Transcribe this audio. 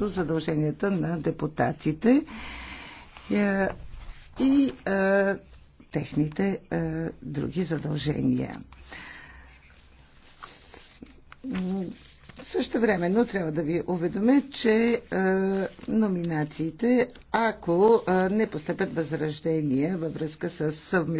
задълженията на депутатите е, и е, техните е, други задължения. Също времено трябва да ви уведомя, че а, номинациите, ако а, не постъпят възраждения във връзка с съвместимостта,